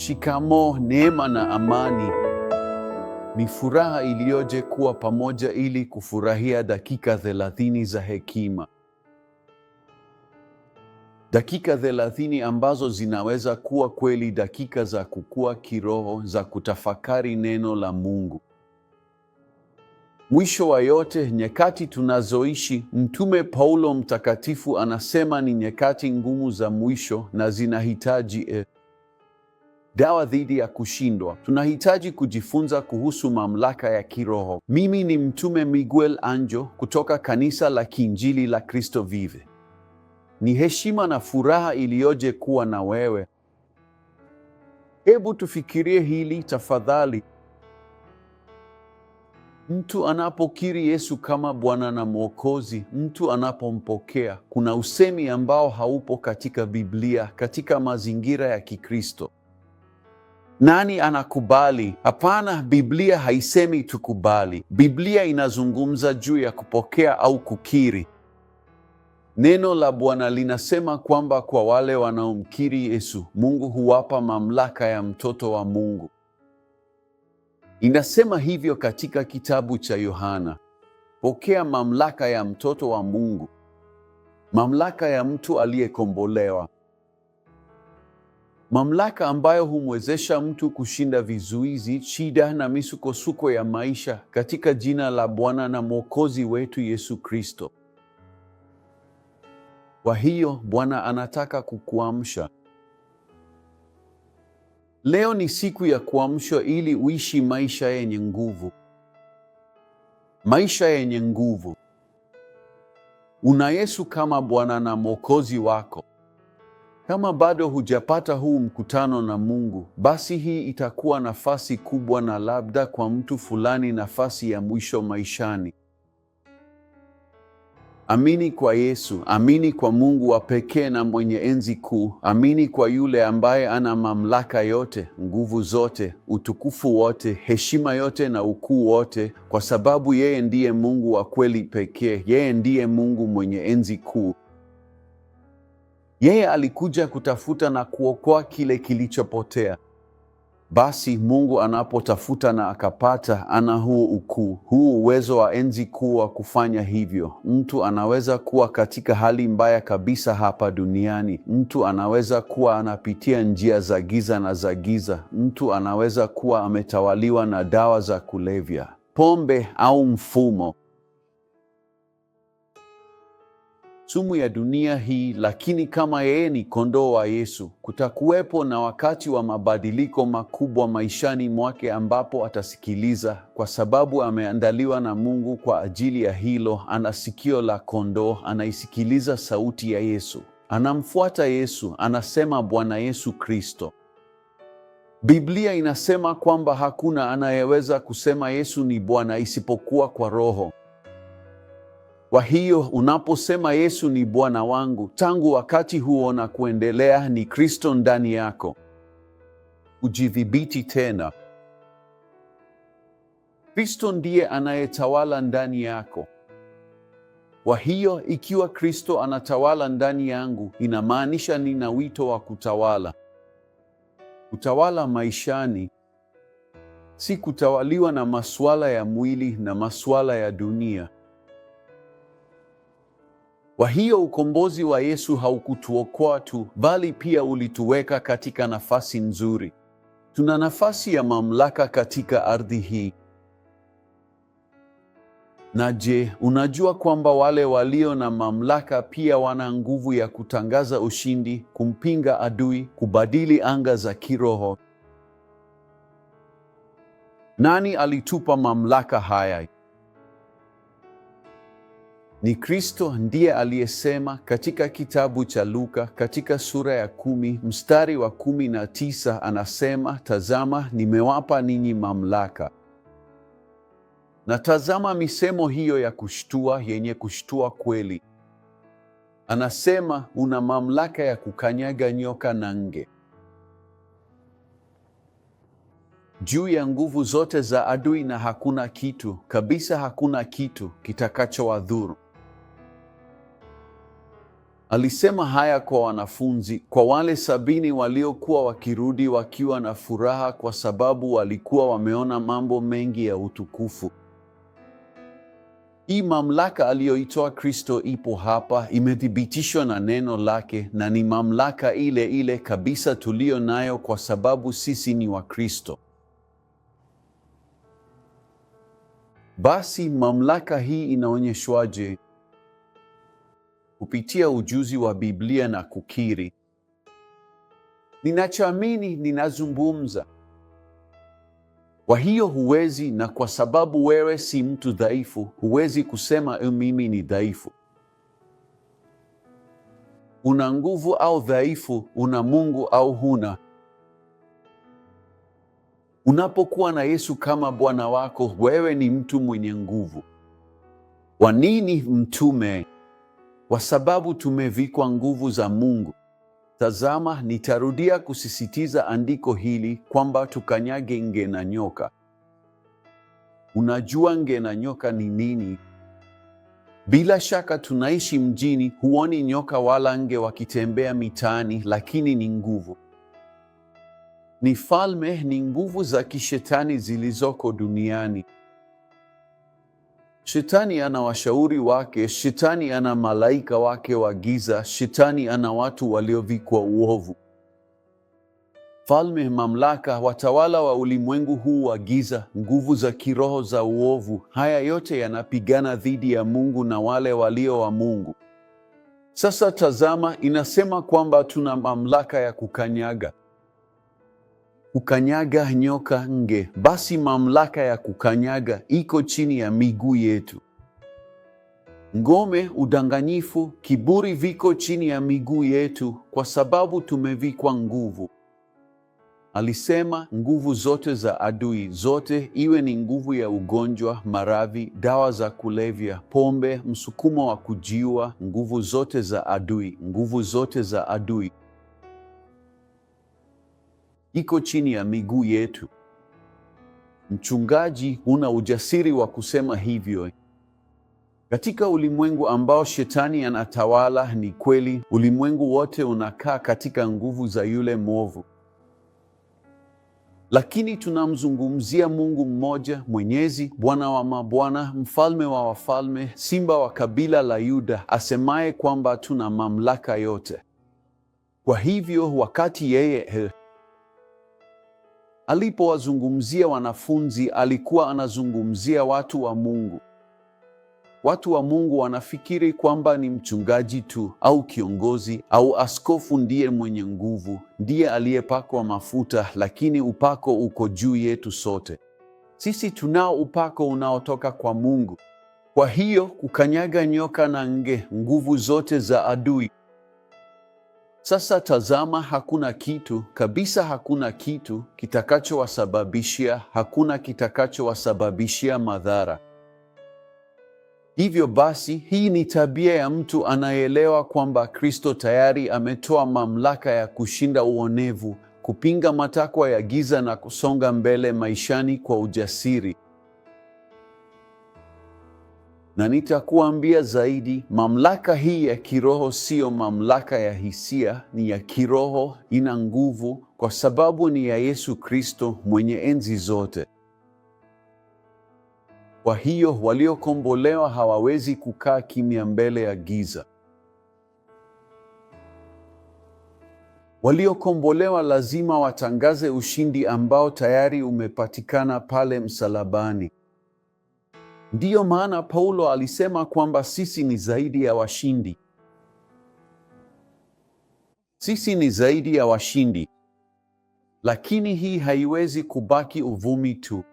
Shikamo, Neema na amani. Ni furaha iliyoje kuwa pamoja ili kufurahia dakika thelathini za hekima, dakika thelathini ambazo zinaweza kuwa kweli dakika za kukua kiroho, za kutafakari neno la Mungu. Mwisho wa yote, nyakati tunazoishi, Mtume Paulo mtakatifu anasema ni nyakati ngumu za mwisho na zinahitaji eh, Dawa dhidi ya kushindwa. Tunahitaji kujifunza kuhusu mamlaka ya kiroho. Mimi ni Mtume Miguel anjo kutoka Kanisa la Kiinjili la Kristo Vive. Ni heshima na furaha iliyoje kuwa na wewe. Hebu tufikirie hili tafadhali. Mtu anapokiri Yesu kama Bwana na Mwokozi, mtu anapompokea, kuna usemi ambao haupo katika Biblia katika mazingira ya Kikristo. Nani anakubali? Hapana, Biblia haisemi tukubali. Biblia inazungumza juu ya kupokea au kukiri. Neno la Bwana linasema kwamba kwa wale wanaomkiri Yesu, Mungu huwapa mamlaka ya mtoto wa Mungu. Inasema hivyo katika kitabu cha Yohana. Pokea mamlaka ya mtoto wa Mungu, mamlaka ya mtu aliyekombolewa mamlaka ambayo humwezesha mtu kushinda vizuizi, shida na misukosuko ya maisha katika jina la Bwana na Mwokozi wetu Yesu Kristo. Kwa hiyo Bwana anataka kukuamsha. Leo ni siku ya kuamshwa ili uishi maisha yenye nguvu, maisha yenye nguvu. Una Yesu kama Bwana na Mwokozi wako. Kama bado hujapata huu mkutano na Mungu, basi hii itakuwa nafasi kubwa na labda kwa mtu fulani nafasi ya mwisho maishani. Amini kwa Yesu, amini kwa Mungu wa pekee na mwenye enzi kuu, amini kwa yule ambaye ana mamlaka yote, nguvu zote, utukufu wote, heshima yote na ukuu wote, kwa sababu yeye ndiye Mungu wa kweli pekee, yeye ndiye Mungu mwenye enzi kuu. Yeye alikuja kutafuta na kuokoa kile kilichopotea. Basi Mungu anapotafuta na akapata, ana huo ukuu, huu uwezo wa enzi kuu wa kufanya hivyo. Mtu anaweza kuwa katika hali mbaya kabisa hapa duniani. Mtu anaweza kuwa anapitia njia za giza na za giza. Mtu anaweza kuwa ametawaliwa na dawa za kulevya, pombe au mfumo sumu ya dunia hii, lakini kama yeye ni kondoo wa Yesu, kutakuwepo na wakati wa mabadiliko makubwa maishani mwake ambapo atasikiliza, kwa sababu ameandaliwa na Mungu kwa ajili ya hilo. Ana sikio la kondoo, anaisikiliza sauti ya Yesu, anamfuata Yesu, anasema Bwana Yesu Kristo. Biblia inasema kwamba hakuna anayeweza kusema Yesu ni Bwana isipokuwa kwa Roho. Kwa hiyo unaposema Yesu ni Bwana wangu, tangu wakati huo na kuendelea ni Kristo ndani yako. Ujidhibiti tena. Kristo ndiye anayetawala ndani yako. Kwa hiyo ikiwa Kristo anatawala ndani yangu, inamaanisha nina wito wa kutawala. Kutawala maishani, si kutawaliwa na masuala ya mwili na masuala ya dunia. Kwa hiyo ukombozi wa Yesu haukutuokoa tu, bali pia ulituweka katika nafasi nzuri. Tuna nafasi ya mamlaka katika ardhi hii. Na je, unajua kwamba wale walio na mamlaka pia wana nguvu ya kutangaza ushindi, kumpinga adui, kubadili anga za kiroho? Nani alitupa mamlaka haya? Ni Kristo ndiye aliyesema katika kitabu cha Luka katika sura ya kumi mstari wa kumi na tisa anasema, tazama nimewapa ninyi mamlaka. Na tazama misemo hiyo ya kushtua yenye kushtua kweli. Anasema una mamlaka ya kukanyaga nyoka na nge juu ya nguvu zote za adui, na hakuna kitu kabisa, hakuna kitu kitakachowadhuru. Alisema haya kwa wanafunzi, kwa wale sabini waliokuwa wakirudi wakiwa na furaha, kwa sababu walikuwa wameona mambo mengi ya utukufu. Hii mamlaka aliyoitoa Kristo ipo hapa, imethibitishwa na neno lake, na ni mamlaka ile ile kabisa tuliyo nayo, kwa sababu sisi ni Wakristo. Basi mamlaka hii inaonyeshwaje? kupitia ujuzi wa Biblia na kukiri. Ninachoamini ninazungumza. Kwa hiyo huwezi, na kwa sababu wewe si mtu dhaifu, huwezi kusema eh, mimi ni dhaifu. Una nguvu au dhaifu, una Mungu au huna. Unapokuwa na Yesu kama Bwana wako, wewe ni mtu mwenye nguvu. Kwa nini mtume kwa sababu tumevikwa nguvu za Mungu. Tazama, nitarudia kusisitiza andiko hili kwamba tukanyage nge na nyoka. Unajua nge na nyoka ni nini? Bila shaka tunaishi mjini, huoni nyoka wala nge wakitembea mitaani, lakini ni nguvu, ni falme, ni nguvu za kishetani zilizoko duniani. Shetani ana washauri wake, shetani ana malaika wake wa giza, shetani ana watu waliovikwa uovu. Falme, mamlaka, watawala wa ulimwengu huu wa giza, nguvu za kiroho za uovu, haya yote yanapigana dhidi ya Mungu na wale walio wa Mungu. Sasa tazama, inasema kwamba tuna mamlaka ya kukanyaga kukanyaga nyoka nge, basi mamlaka ya kukanyaga iko chini ya miguu yetu. Ngome, udanganyifu, kiburi viko chini ya miguu yetu, kwa sababu tumevikwa nguvu. Alisema nguvu zote za adui zote, iwe ni nguvu ya ugonjwa, maradhi, dawa za kulevya, pombe, msukumo wa kujiua, nguvu zote za adui, nguvu zote za adui iko chini ya miguu yetu. Mchungaji, huna ujasiri wa kusema hivyo katika ulimwengu ambao shetani anatawala. Ni kweli, ulimwengu wote unakaa katika nguvu za yule mwovu, lakini tunamzungumzia Mungu mmoja, Mwenyezi, Bwana wa mabwana, mfalme wa wafalme, simba wa kabila la Yuda, asemaye kwamba tuna mamlaka yote. Kwa hivyo wakati yeye Alipowazungumzia wanafunzi, alikuwa anazungumzia watu wa Mungu. Watu wa Mungu wanafikiri kwamba ni mchungaji tu au kiongozi au askofu ndiye mwenye nguvu, ndiye aliyepakwa mafuta, lakini upako uko juu yetu sote. Sisi tunao upako unaotoka kwa Mungu. Kwa hiyo kukanyaga nyoka na nge, nguvu zote za adui sasa tazama, hakuna kitu kabisa, hakuna kitu kitakachowasababishia, hakuna kitakachowasababishia madhara. Hivyo basi, hii ni tabia ya mtu anayeelewa kwamba Kristo tayari ametoa mamlaka ya kushinda uonevu, kupinga matakwa ya giza na kusonga mbele maishani kwa ujasiri na nitakuambia zaidi. Mamlaka hii ya kiroho siyo mamlaka ya hisia, ni ya kiroho, ina nguvu kwa sababu ni ya Yesu Kristo mwenye enzi zote. Kwa hiyo waliokombolewa hawawezi kukaa kimya mbele ya giza. Waliokombolewa lazima watangaze ushindi ambao tayari umepatikana pale msalabani. Ndiyo maana Paulo alisema kwamba sisi ni zaidi ya washindi. Sisi ni zaidi ya washindi, lakini hii haiwezi kubaki uvumi tu.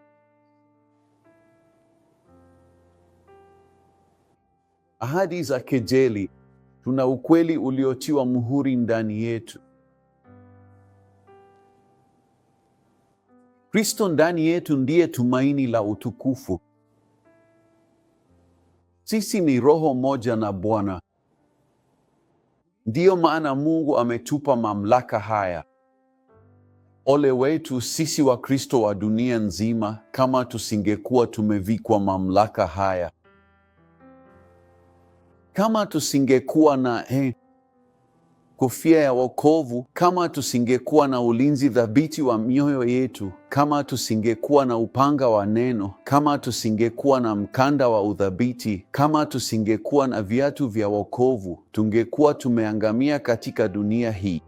Ahadi za kejeli, tuna ukweli uliotiwa muhuri ndani yetu. Kristo ndani yetu ndiye tumaini la utukufu. Sisi ni roho moja na Bwana. Ndiyo maana Mungu ametupa mamlaka haya. Ole wetu sisi Wakristo wa dunia nzima kama tusingekuwa tumevikwa mamlaka haya, kama tusingekuwa na eh, kofia ya wokovu, kama tusingekuwa na ulinzi dhabiti wa mioyo yetu, kama tusingekuwa na upanga wa neno, kama tusingekuwa na mkanda wa udhabiti kama tusingekuwa na viatu vya wokovu, tungekuwa tumeangamia katika dunia hii.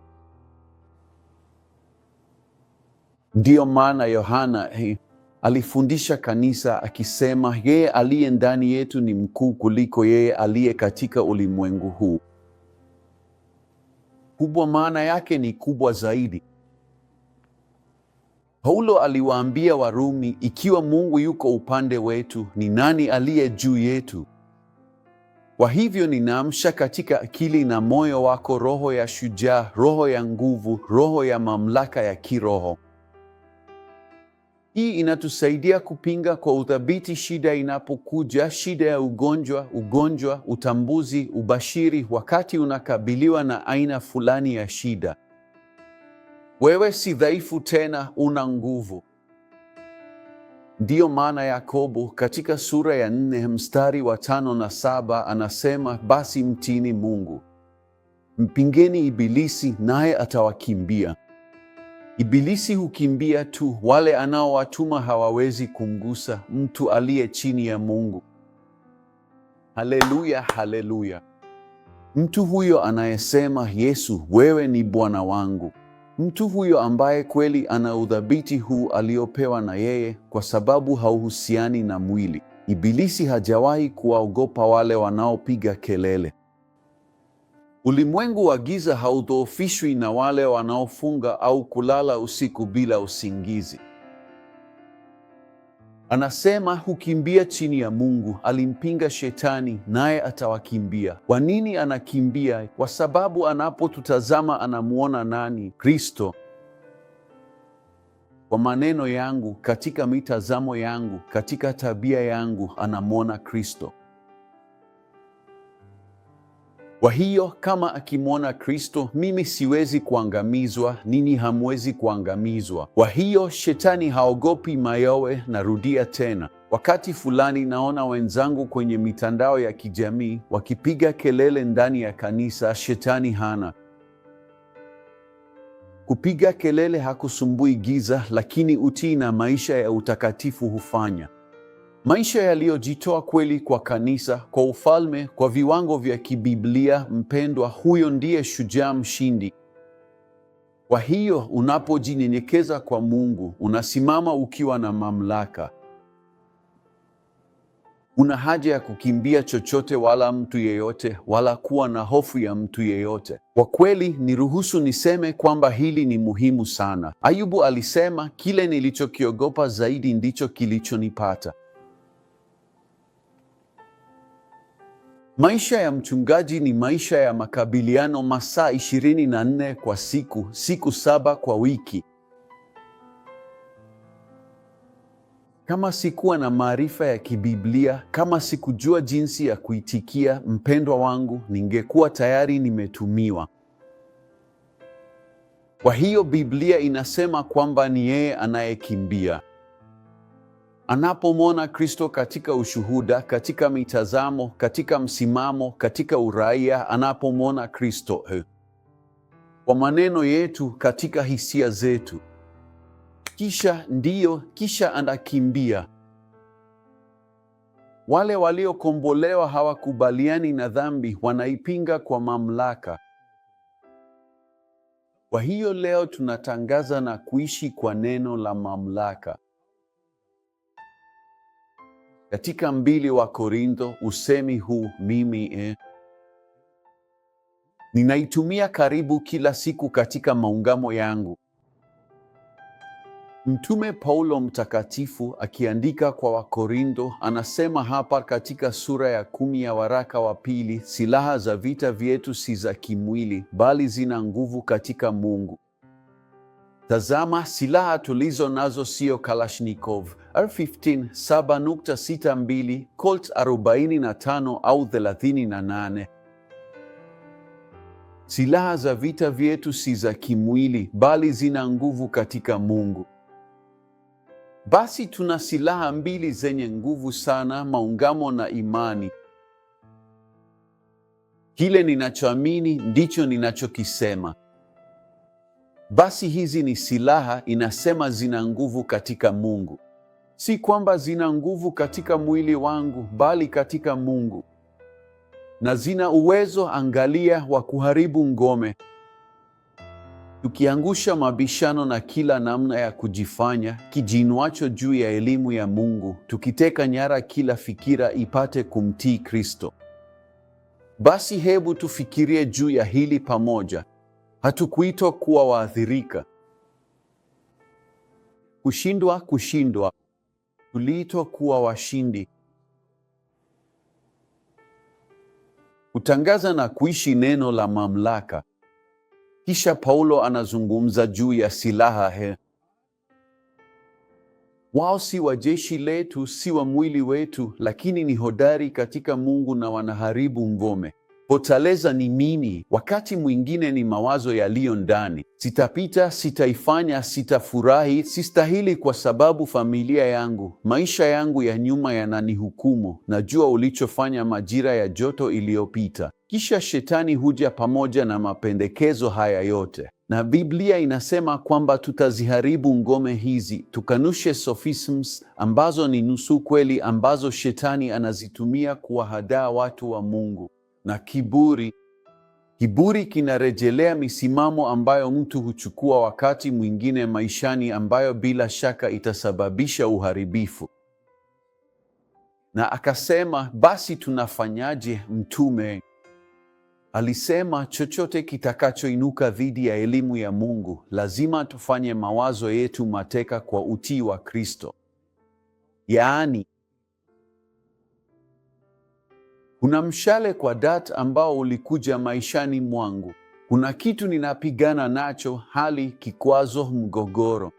Ndiyo maana Yohana eh, alifundisha kanisa akisema, yeye aliye ndani yetu ni mkuu kuliko yeye aliye katika ulimwengu huu. Kubwa maana yake ni kubwa zaidi. Paulo aliwaambia Warumi, ikiwa Mungu yuko upande wetu, ni nani aliye juu yetu? Kwa hivyo ninaamsha katika akili na moyo wako roho ya shujaa, roho ya nguvu, roho ya mamlaka ya kiroho. Hii inatusaidia kupinga kwa uthabiti shida inapokuja, shida ya ugonjwa, ugonjwa, utambuzi, ubashiri, wakati unakabiliwa na aina fulani ya shida. Wewe si dhaifu tena, una nguvu. Ndiyo maana Yakobo katika sura ya nne mstari wa tano na saba anasema, basi mtini Mungu, mpingeni Ibilisi naye atawakimbia. Ibilisi hukimbia tu, wale anaowatuma hawawezi kumgusa mtu aliye chini ya Mungu. Haleluya, haleluya! Mtu huyo anayesema Yesu, wewe ni Bwana wangu, mtu huyo ambaye kweli ana udhabiti huu aliopewa na yeye, kwa sababu hauhusiani na mwili. Ibilisi hajawahi kuwaogopa wale wanaopiga kelele Ulimwengu wa giza haudhoofishwi na wale wanaofunga au kulala usiku bila usingizi. Anasema hukimbia chini ya Mungu. Alimpinga Shetani naye atawakimbia. Kwa nini anakimbia? Kwa sababu anapotutazama anamwona nani? Kristo. Kwa maneno yangu, katika mitazamo yangu, katika tabia yangu, anamwona Kristo. Kwa hiyo kama akimwona Kristo, mimi siwezi kuangamizwa, nini hamwezi kuangamizwa. Kwa hiyo shetani haogopi mayowe. Narudia tena, wakati fulani naona wenzangu kwenye mitandao ya kijamii wakipiga kelele ndani ya kanisa, shetani hana kupiga kelele hakusumbui giza, lakini utii na maisha ya utakatifu hufanya Maisha yaliyojitoa kweli kwa kanisa, kwa ufalme, kwa viwango vya kibiblia, mpendwa, huyo ndiye shujaa mshindi. Kwa hiyo unapojinyenyekeza kwa Mungu, unasimama ukiwa na mamlaka. Una haja ya kukimbia chochote wala mtu yeyote, wala kuwa na hofu ya mtu yeyote. Kwa kweli, niruhusu niseme kwamba hili ni muhimu sana. Ayubu alisema, kile nilichokiogopa zaidi ndicho kilichonipata. Maisha ya mchungaji ni maisha ya makabiliano, masaa 24 kwa siku, siku saba kwa wiki. Kama sikuwa na maarifa ya kibiblia, kama sikujua jinsi ya kuitikia mpendwa wangu, ningekuwa tayari nimetumiwa. Kwa hiyo Biblia inasema kwamba ni yeye anayekimbia anapomwona Kristo katika ushuhuda, katika mitazamo, katika msimamo, katika uraia, anapomwona Kristo eh, kwa maneno yetu, katika hisia zetu, kisha ndiyo, kisha anakimbia. Wale waliokombolewa hawakubaliani na dhambi, wanaipinga kwa mamlaka. Kwa hiyo leo tunatangaza na kuishi kwa neno la mamlaka. Katika mbili wa Korintho usemi huu mimi e, ninaitumia karibu kila siku katika maungamo yangu. Mtume Paulo mtakatifu akiandika kwa Wakorintho anasema hapa katika sura ya kumi ya waraka wa pili, silaha za vita vyetu si za kimwili, bali zina nguvu katika Mungu Tazama silaha tulizo nazo sio Kalashnikov R15 7.62, Colt 45 au 38. Silaha za vita vyetu si za kimwili, bali zina nguvu katika Mungu. Basi tuna silaha mbili zenye nguvu sana: maungamo na imani. Kile ninachoamini ndicho ninachokisema. Basi hizi ni silaha, inasema zina nguvu katika Mungu. Si kwamba zina nguvu katika mwili wangu, bali katika Mungu, na zina uwezo, angalia, wa kuharibu ngome, tukiangusha mabishano na kila namna ya kujifanya kijinuacho juu ya elimu ya Mungu, tukiteka nyara kila fikira ipate kumtii Kristo. Basi hebu tufikirie juu ya hili pamoja. Hatukuitwa kuwa waathirika. Kushindwa kushindwa, tuliitwa kuwa washindi. Kutangaza na kuishi neno la mamlaka. Kisha Paulo anazungumza juu ya silaha he. Wao si wa jeshi letu, si wa mwili wetu, lakini ni hodari katika Mungu na wanaharibu ngome hotaleza ni nini? Wakati mwingine ni mawazo yaliyo ndani: sitapita, sitaifanya, sitafurahi, sistahili, kwa sababu familia yangu, maisha yangu ya nyuma yananihukumu, najua ulichofanya majira ya joto iliyopita. Kisha shetani huja pamoja na mapendekezo haya yote, na Biblia inasema kwamba tutaziharibu ngome hizi, tukanushe sophisms ambazo ni nusu kweli, ambazo shetani anazitumia kuwahadaa watu wa Mungu na kiburi. Kiburi kinarejelea misimamo ambayo mtu huchukua wakati mwingine maishani, ambayo bila shaka itasababisha uharibifu. Na akasema, basi tunafanyaje? Mtume alisema, chochote kitakachoinuka dhidi ya elimu ya Mungu lazima tufanye mawazo yetu mateka kwa utii wa Kristo, yaani kuna mshale kwa dat ambao ulikuja maishani mwangu. Kuna kitu ninapigana nacho, hali, kikwazo, mgogoro.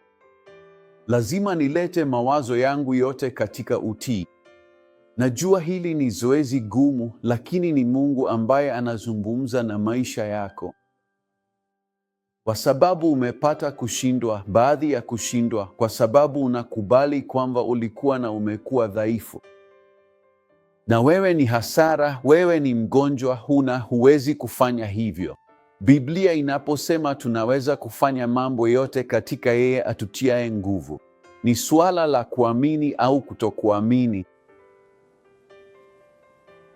Lazima nilete mawazo yangu yote katika utii. Najua hili ni zoezi gumu, lakini ni Mungu ambaye anazungumza na maisha yako. Kwa sababu umepata kushindwa, baadhi ya kushindwa, kwa sababu unakubali kwamba ulikuwa na umekuwa dhaifu na wewe ni hasara, wewe ni mgonjwa, huna huwezi kufanya hivyo. Biblia inaposema tunaweza kufanya mambo yote katika yeye atutiaye nguvu, ni suala la kuamini au kutokuamini,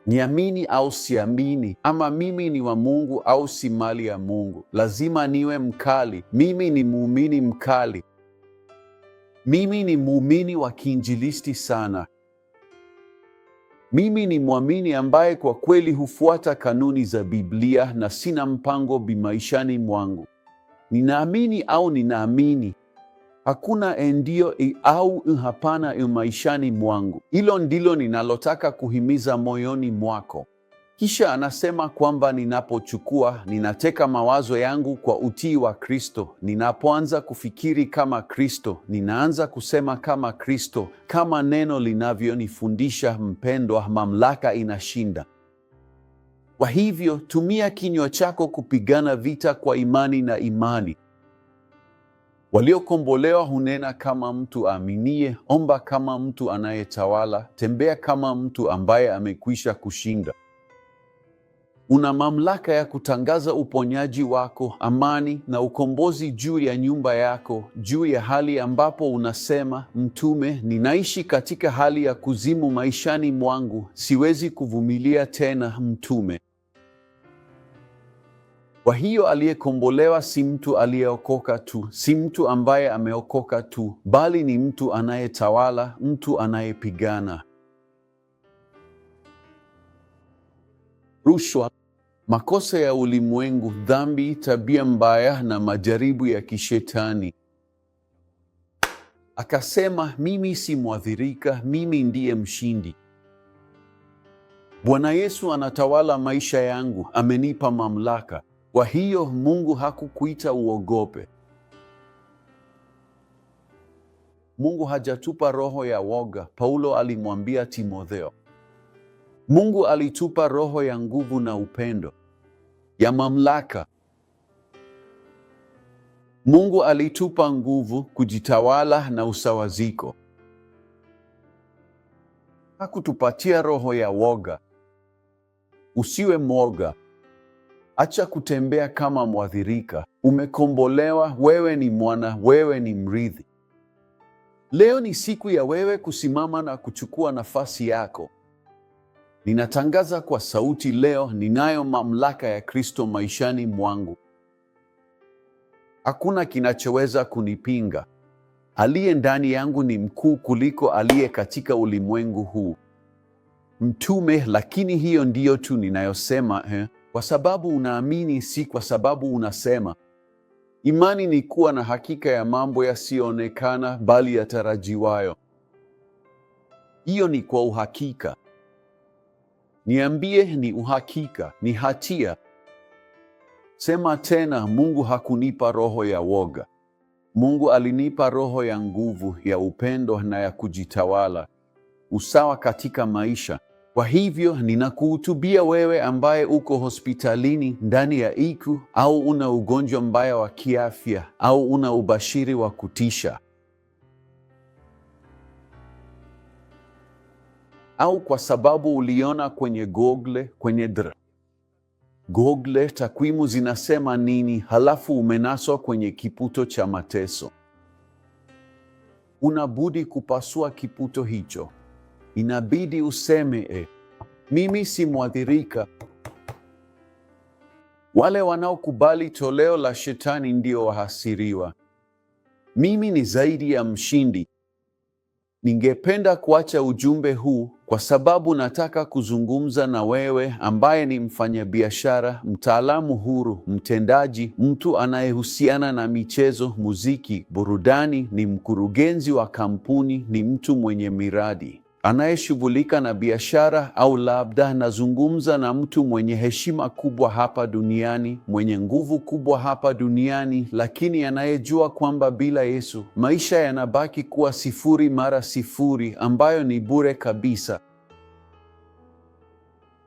niamini au siamini, ama mimi ni wa Mungu au si mali ya Mungu. Lazima niwe mkali, mimi ni muumini mkali, mimi ni muumini wa kiinjilisti sana. Mimi ni mwamini ambaye kwa kweli hufuata kanuni za Biblia na sina mpango bimaishani mwangu. Ninaamini au ninaamini hakuna endio au hapana maishani mwangu. Hilo ndilo ninalotaka kuhimiza moyoni mwako. Kisha anasema kwamba ninapochukua, ninateka mawazo yangu kwa utii wa Kristo. Ninapoanza kufikiri kama Kristo, ninaanza kusema kama Kristo. Kama neno linavyonifundisha, mpendwa, mamlaka inashinda. Kwa hivyo, tumia kinywa chako kupigana vita kwa imani na imani. Waliokombolewa hunena kama mtu aaminie, omba kama mtu anayetawala, tembea kama mtu ambaye amekwisha kushinda. Una mamlaka ya kutangaza uponyaji wako, amani na ukombozi juu ya nyumba yako, juu ya hali ambapo unasema, mtume, ninaishi katika hali ya kuzimu maishani mwangu, siwezi kuvumilia tena, mtume. Kwa hiyo aliyekombolewa si mtu aliyeokoka tu, si mtu ambaye ameokoka tu, bali ni mtu anayetawala, mtu anayepigana. rushwa, makosa ya ulimwengu, dhambi, tabia mbaya na majaribu ya kishetani. Akasema, mimi si mwathirika, mimi ndiye mshindi. Bwana Yesu anatawala maisha yangu, amenipa mamlaka. Kwa hiyo Mungu hakukuita uogope. Mungu hajatupa roho ya woga. Paulo alimwambia Timotheo. Mungu alitupa roho ya nguvu na upendo, ya mamlaka. Mungu alitupa nguvu, kujitawala na usawaziko. Hakutupatia roho ya woga. Usiwe mwoga. Acha kutembea kama mwathirika. Umekombolewa, wewe ni mwana, wewe ni mrithi. Leo ni siku ya wewe kusimama na kuchukua nafasi yako. Ninatangaza kwa sauti leo, ninayo mamlaka ya Kristo maishani mwangu. Hakuna kinachoweza kunipinga. Aliye ndani yangu ni mkuu kuliko aliye katika ulimwengu huu. Mtume, lakini hiyo ndiyo tu ninayosema eh? Kwa sababu unaamini, si kwa sababu unasema. Imani ni kuwa na hakika ya mambo yasiyoonekana, bali yatarajiwayo. Hiyo ni kwa uhakika. Niambie, ni uhakika, ni hatia? Sema tena, Mungu hakunipa roho ya woga. Mungu alinipa roho ya nguvu, ya upendo na ya kujitawala, usawa katika maisha. Kwa hivyo ninakuhutubia wewe ambaye uko hospitalini ndani ya ICU au una ugonjwa mbaya wa kiafya au una ubashiri wa kutisha. au kwa sababu uliona kwenye Google, kwenye dr Google takwimu zinasema nini, halafu umenaswa kwenye kiputo cha mateso. Unabudi kupasua kiputo hicho. Inabidi useme e, mimi si mwathirika. Wale wanaokubali toleo la shetani ndio wahasiriwa. Mimi ni zaidi ya mshindi. Ningependa kuacha ujumbe huu kwa sababu nataka kuzungumza na wewe ambaye ni mfanyabiashara, mtaalamu huru, mtendaji, mtu anayehusiana na michezo, muziki, burudani, ni mkurugenzi wa kampuni, ni mtu mwenye miradi anayeshughulika na biashara au labda anazungumza na mtu mwenye heshima kubwa hapa duniani, mwenye nguvu kubwa hapa duniani, lakini anayejua kwamba bila Yesu maisha yanabaki kuwa sifuri mara sifuri, ambayo ni bure kabisa.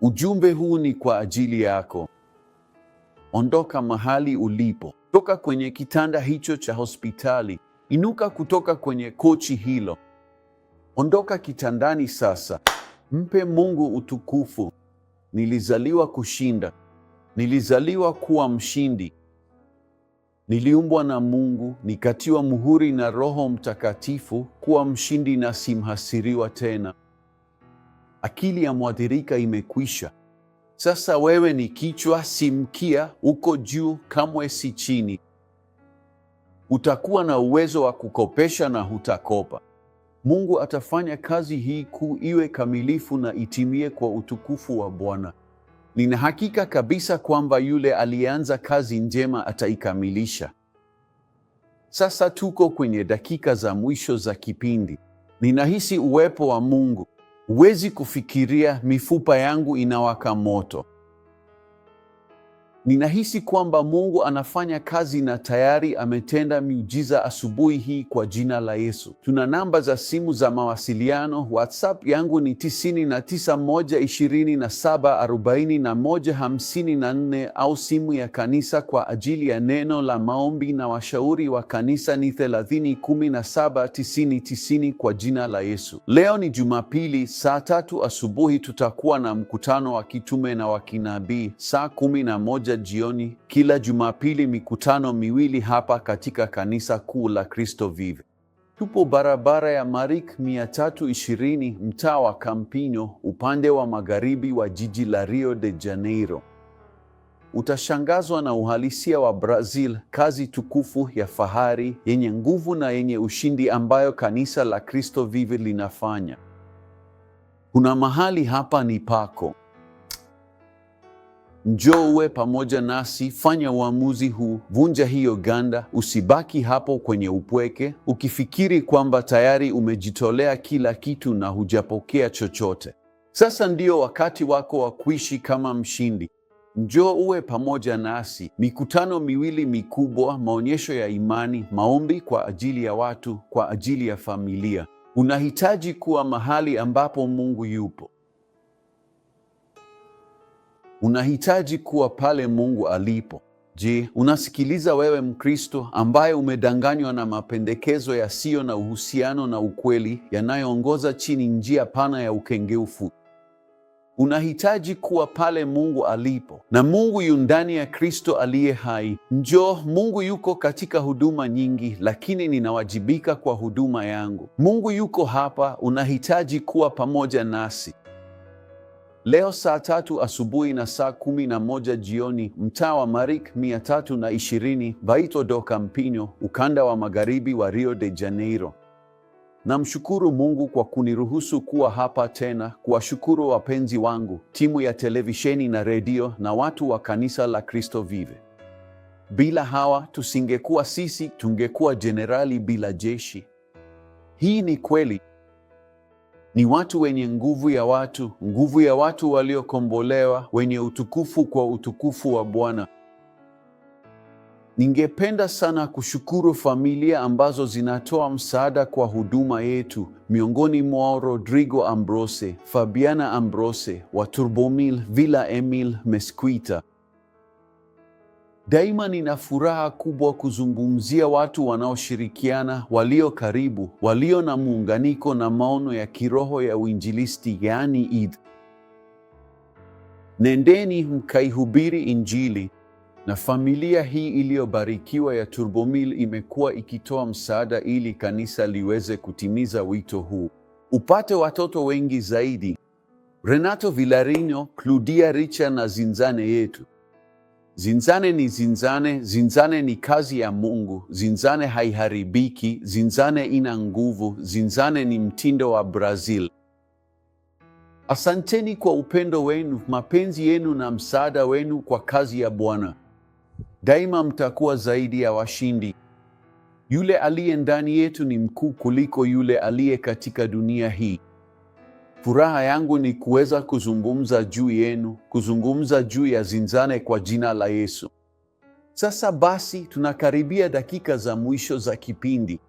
Ujumbe huu ni kwa ajili yako. Ondoka mahali ulipo, toka kwenye kitanda hicho cha hospitali, inuka kutoka kwenye kochi hilo. Ondoka kitandani sasa, mpe Mungu utukufu. Nilizaliwa kushinda, nilizaliwa kuwa mshindi. Niliumbwa na Mungu, nikatiwa muhuri na Roho Mtakatifu kuwa mshindi na simhasiriwa tena. Akili ya mwathirika imekwisha. Sasa wewe ni kichwa, si mkia. Uko juu, kamwe si chini. Utakuwa na uwezo wa kukopesha na hutakopa. Mungu atafanya kazi hii kuu iwe kamilifu na itimie kwa utukufu wa Bwana. Nina hakika kabisa kwamba yule aliyeanza kazi njema ataikamilisha. Sasa tuko kwenye dakika za mwisho za kipindi. Ninahisi uwepo wa Mungu. Huwezi kufikiria, mifupa yangu inawaka moto. Ninahisi kwamba Mungu anafanya kazi na tayari ametenda miujiza asubuhi hii kwa jina la Yesu. Tuna namba za simu za mawasiliano. WhatsApp yangu ni 991274154 au simu ya kanisa kwa ajili ya neno la maombi na washauri wa kanisa ni 30179090 kwa jina la Yesu. Leo ni Jumapili, saa tatu asubuhi tutakuwa na mkutano wa kitume na wa kinabii saa 11 jioni kila Jumapili, mikutano miwili hapa katika kanisa kuu la Kristo Vive. Tupo barabara ya Marik 320 mtaa wa Campino, upande wa magharibi wa jiji la Rio de Janeiro. Utashangazwa na uhalisia wa Brazil, kazi tukufu ya fahari yenye nguvu na yenye ushindi ambayo kanisa la Kristo Vive linafanya. Kuna mahali hapa ni pako. Njoo uwe pamoja nasi, fanya uamuzi huu, vunja hiyo ganda. Usibaki hapo kwenye upweke, ukifikiri kwamba tayari umejitolea kila kitu na hujapokea chochote. Sasa ndio wakati wako wa kuishi kama mshindi. Njoo uwe pamoja nasi. Mikutano miwili mikubwa, maonyesho ya imani, maombi kwa ajili ya watu, kwa ajili ya familia. Unahitaji kuwa mahali ambapo Mungu yupo. Unahitaji kuwa pale Mungu alipo. Je, unasikiliza wewe Mkristo ambaye umedanganywa na mapendekezo yasiyo na uhusiano na ukweli yanayoongoza chini njia pana ya ukengeufu? Unahitaji kuwa pale Mungu alipo, na Mungu yu ndani ya Kristo aliye hai. Njoo, Mungu yuko katika huduma nyingi, lakini ninawajibika kwa huduma yangu. Mungu yuko hapa, unahitaji kuwa pamoja nasi. Leo saa tatu asubuhi na saa kumi na moja jioni mtaa wa Marik mia tatu na ishirini Baito do Campino, ukanda wa magharibi wa Rio de Janeiro. Namshukuru Mungu kwa kuniruhusu kuwa hapa tena, kuwashukuru wapenzi wangu, timu ya televisheni na redio na watu wa kanisa la Kristo Vive. Bila hawa tusingekuwa sisi, tungekuwa jenerali bila jeshi. Hii ni kweli ni watu wenye nguvu ya watu, nguvu ya watu waliokombolewa, wenye utukufu kwa utukufu wa Bwana. Ningependa sana kushukuru familia ambazo zinatoa msaada kwa huduma yetu, miongoni mwao Rodrigo Ambrose, Fabiana Ambrose wa Turbomil, Villa Emil Mesquita. Daima nina furaha kubwa kuzungumzia watu wanaoshirikiana, walio karibu, walio na muunganiko na maono ya kiroho ya uinjilisti, yaani Id. Nendeni mkaihubiri Injili. Na familia hii iliyobarikiwa ya Turbomil imekuwa ikitoa msaada ili kanisa liweze kutimiza wito huu, upate watoto wengi zaidi. Renato Villarino, Claudia Richa na Zinzane yetu. Zinzane ni zinzane. Zinzane ni kazi ya Mungu. Zinzane haiharibiki. Zinzane ina nguvu. Zinzane ni mtindo wa Brazil. Asanteni kwa upendo wenu, mapenzi yenu na msaada wenu kwa kazi ya Bwana. Daima mtakuwa zaidi ya washindi. Yule aliye ndani yetu ni mkuu kuliko yule aliye katika dunia hii. Furaha yangu ni kuweza kuzungumza juu yenu, kuzungumza juu ya Zinzane kwa jina la Yesu. Sasa basi, tunakaribia dakika za mwisho za kipindi.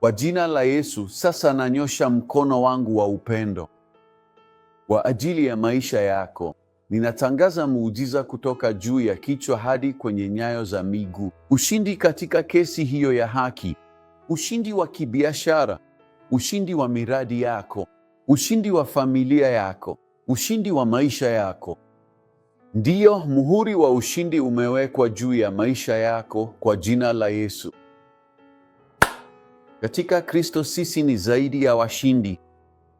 Kwa jina la Yesu, sasa nanyosha mkono wangu wa upendo kwa ajili ya maisha yako. Ninatangaza muujiza kutoka juu ya kichwa hadi kwenye nyayo za miguu, ushindi katika kesi hiyo ya haki, ushindi wa kibiashara ushindi wa miradi yako, ushindi wa familia yako, ushindi wa maisha yako. Ndiyo, muhuri wa ushindi umewekwa juu ya maisha yako kwa jina la Yesu. Katika Kristo sisi ni zaidi ya washindi.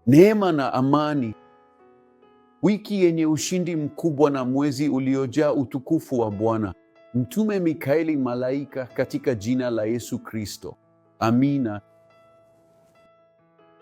Neema na amani, wiki yenye ushindi mkubwa na mwezi uliojaa utukufu wa Bwana. Mtume Mikaeli malaika, katika jina la Yesu Kristo, amina.